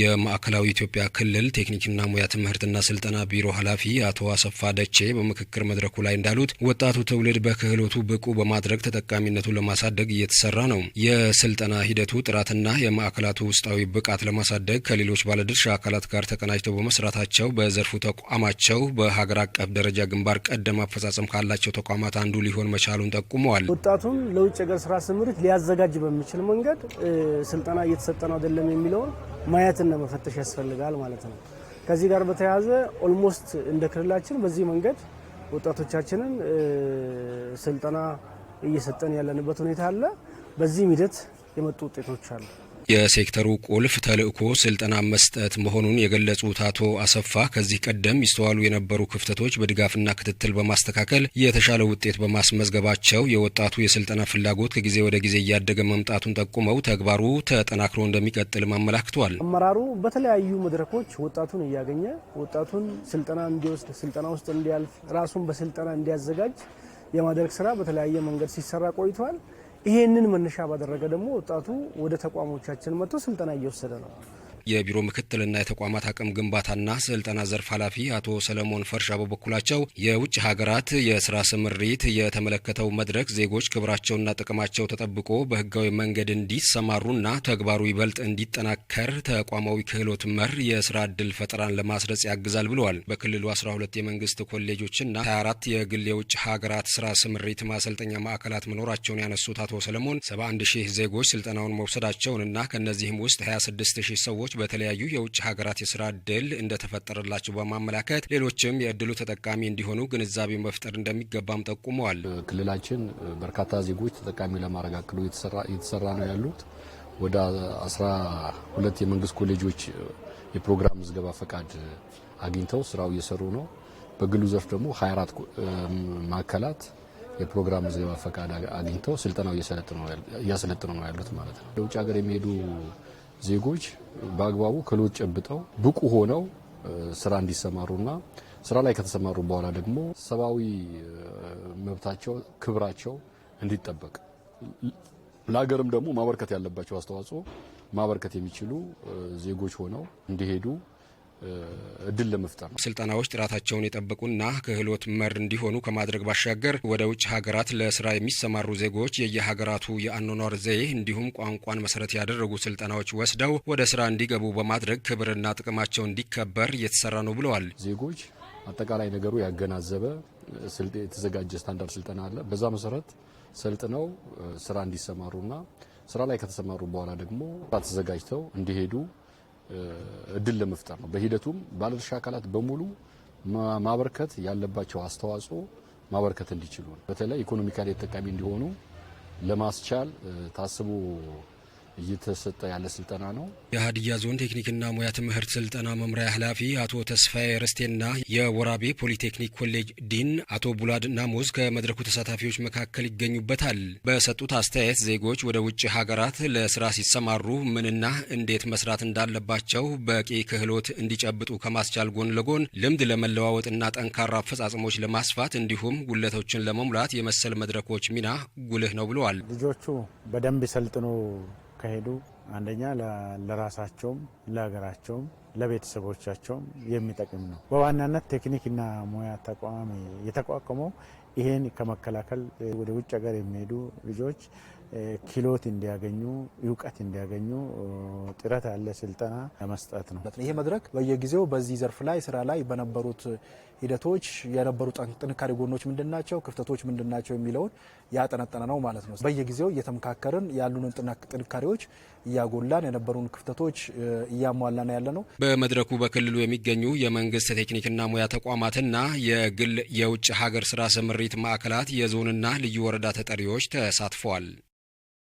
የማዕከላዊ ኢትዮጵያ ክልል ቴክኒክና ሙያ ትምህርትና ስልጠና ቢሮ ኃላፊ አቶ አሰፋ ደቼ በምክክር መድረኩ ላይ እንዳሉት ወጣቱ ትውልድ በክህሎቱ ብቁ በማድረግ ተጠቃሚነቱን ለማሳደግ እየተሰራ ነው። የስልጠና ሂደቱ ጥራትና የማዕከላቱ ውስጣዊ ብቃት ለማሳደግ ከሌሎች ባለድርሻ አካላት ጋር ተቀናጅተው በመስራታቸው በዘርፉ ተቋማቸው በሀገር አቀፍ ደረጃ ግንባር ቀደም አፈጻጸም ካላቸው ተቋማት አንዱ ሊሆን መቻሉን ጠቁመዋል። ወጣቱን ለውጭ ሀገር ስራ ስምሪት ሊያዘጋጅ በሚችል መንገድ ስልጠና እየተሰጠ ነው አይደለም የሚለውን ማየትና መፈተሽ ያስፈልጋል ማለት ነው። ከዚህ ጋር በተያያዘ ኦልሞስት እንደ ክልላችን በዚህ መንገድ ወጣቶቻችንን ስልጠና እየሰጠን ያለንበት ሁኔታ አለ። በዚህም ሂደት የመጡ ውጤቶች አሉ። የሴክተሩ ቁልፍ ተልእኮ ስልጠና መስጠት መሆኑን የገለጹት አቶ አሰፋ ከዚህ ቀደም ይስተዋሉ የነበሩ ክፍተቶች በድጋፍና ክትትል በማስተካከል የተሻለ ውጤት በማስመዝገባቸው የወጣቱ የስልጠና ፍላጎት ከጊዜ ወደ ጊዜ እያደገ መምጣቱን ጠቁመው ተግባሩ ተጠናክሮ እንደሚቀጥልም አመላክቷል። አመራሩ በተለያዩ መድረኮች ወጣቱን እያገኘ ወጣቱን ስልጠና እንዲወስድ፣ ስልጠና ውስጥ እንዲያልፍ፣ ራሱን በስልጠና እንዲያዘጋጅ የማድረግ ስራ በተለያየ መንገድ ሲሰራ ቆይቷል። ይሄንን መነሻ ባደረገ ደግሞ ወጣቱ ወደ ተቋሞቻችን መጥቶ ስልጠና እየወሰደ ነው። የቢሮ ምክትልና የተቋማት አቅም ግንባታና ስልጠና ዘርፍ ኃላፊ አቶ ሰለሞን ፈርሻ በበኩላቸው የውጭ ሀገራት የስራ ስምሪት የተመለከተው መድረክ ዜጎች ክብራቸውና ጥቅማቸው ተጠብቆ በህጋዊ መንገድ እንዲሰማሩና ተግባሩ ይበልጥ እንዲጠናከር ተቋማዊ ክህሎት መር የስራ እድል ፈጠራን ለማስረጽ ያግዛል ብለዋል። በክልሉ 12 የመንግስት ኮሌጆችና 24 የግል የውጭ ሀገራት ስራ ስምሪት ማሰልጠኛ ማዕከላት መኖራቸውን ያነሱት አቶ ሰለሞን 71 ሺህ ዜጎች ስልጠናውን መውሰዳቸውንና ከእነዚህም ውስጥ 26 ሺህ ሰዎች በተለያዩ የውጭ ሀገራት የስራ እድል እንደተፈጠረላቸው በማመላከት ሌሎችም የእድሉ ተጠቃሚ እንዲሆኑ ግንዛቤ መፍጠር እንደሚገባም ጠቁመዋል። ክልላችን በርካታ ዜጎች ተጠቃሚ ለማድረግ እየተሰራ ነው ያሉት ወደ 12 የመንግስት ኮሌጆች የፕሮግራም ምዝገባ ፈቃድ አግኝተው ስራው እየሰሩ ነው። በግሉ ዘርፍ ደግሞ 24 ማዕከላት የፕሮግራም ምዝገባ ፈቃድ አግኝተው ስልጠናው እያሰለጥነው ነው ያሉት ማለት ነው። ለውጭ ሀገር የሚሄዱ ዜጎች በአግባቡ ክህሎት ጨብጠው ብቁ ሆነው ስራ እንዲሰማሩና ስራ ላይ ከተሰማሩ በኋላ ደግሞ ሰብአዊ መብታቸው፣ ክብራቸው እንዲጠበቅ ለሀገርም ደግሞ ማበርከት ያለባቸው አስተዋጽኦ ማበርከት የሚችሉ ዜጎች ሆነው እንዲሄዱ እድል ለመፍጠር ነው። ስልጠናዎች ጥራታቸውን የጠበቁና ክህሎት መር እንዲሆኑ ከማድረግ ባሻገር ወደ ውጭ ሀገራት ለስራ የሚሰማሩ ዜጎች የየሀገራቱ የአኗኗር ዘዬ እንዲሁም ቋንቋን መሰረት ያደረጉ ስልጠናዎች ወስደው ወደ ስራ እንዲገቡ በማድረግ ክብርና ጥቅማቸው እንዲከበር እየተሰራ ነው ብለዋል። ዜጎች አጠቃላይ ነገሩ ያገናዘበ የተዘጋጀ ስታንዳርድ ስልጠና አለ። በዛ መሰረት ሰልጥነው ስራ እንዲሰማሩና ስራ ላይ ከተሰማሩ በኋላ ደግሞ ተዘጋጅተው እንዲሄዱ እድል ለመፍጠር ነው። በሂደቱም ባለድርሻ አካላት በሙሉ ማበርከት ያለባቸው አስተዋጽኦ ማበርከት እንዲችሉ ነው። በተለይ ኢኮኖሚካሊ ተጠቃሚ እንዲሆኑ ለማስቻል ታስቦ እየተሰጠ ያለ ስልጠና ነው። የሀዲያ ዞን ቴክኒክና ሙያ ትምህርት ስልጠና መምሪያ ኃላፊ አቶ ተስፋዬ ርስቴና የወራቤ ፖሊቴክኒክ ኮሌጅ ዲን አቶ ቡላድ ናሙዝ ከመድረኩ ተሳታፊዎች መካከል ይገኙበታል። በሰጡት አስተያየት ዜጎች ወደ ውጭ ሀገራት ለስራ ሲሰማሩ ምንና እንዴት መስራት እንዳለባቸው በቂ ክህሎት እንዲጨብጡ ከማስቻል ጎን ለጎን ልምድ ለመለዋወጥና ጠንካራ አፈጻጽሞች ለማስፋት እንዲሁም ጉለቶችን ለመሙላት የመሰል መድረኮች ሚና ጉልህ ነው ብለዋል። ልጆቹ በደንብ ሰልጥኖ ካሄዱ አንደኛ ለራሳቸውም ለሀገራቸውም ለቤተሰቦቻቸውም የሚጠቅም ነው። በዋናነት ቴክኒክና ሙያ ተቋም የተቋቋመው ይሄን ከመከላከል ወደ ውጭ ሀገር የሚሄዱ ልጆች ክህሎት እንዲያገኙ እውቀት እንዲያገኙ ጥረት ያለ ስልጠና ለመስጠት ነው። ይሄ መድረክ በየጊዜው በዚህ ዘርፍ ላይ ስራ ላይ በነበሩት ሂደቶች የነበሩ ጥንካሬ ጎኖች ምንድናቸው፣ ክፍተቶች ምንድናቸው የሚለውን ያጠነጠነ ነው ማለት ነው። በየጊዜው እየተመካከርን ያሉንን ጥንካሬዎች እያጎላን የነበሩን ክፍተቶች እያሟላን ያለ ነው። በመድረኩ በክልሉ የሚገኙ የመንግስት ቴክኒክና ሙያ ተቋማትና የግል የውጭ ሀገር ስራ ስምሪት ማዕከላት የዞንና ልዩ ወረዳ ተጠሪዎች ተሳትፈዋል።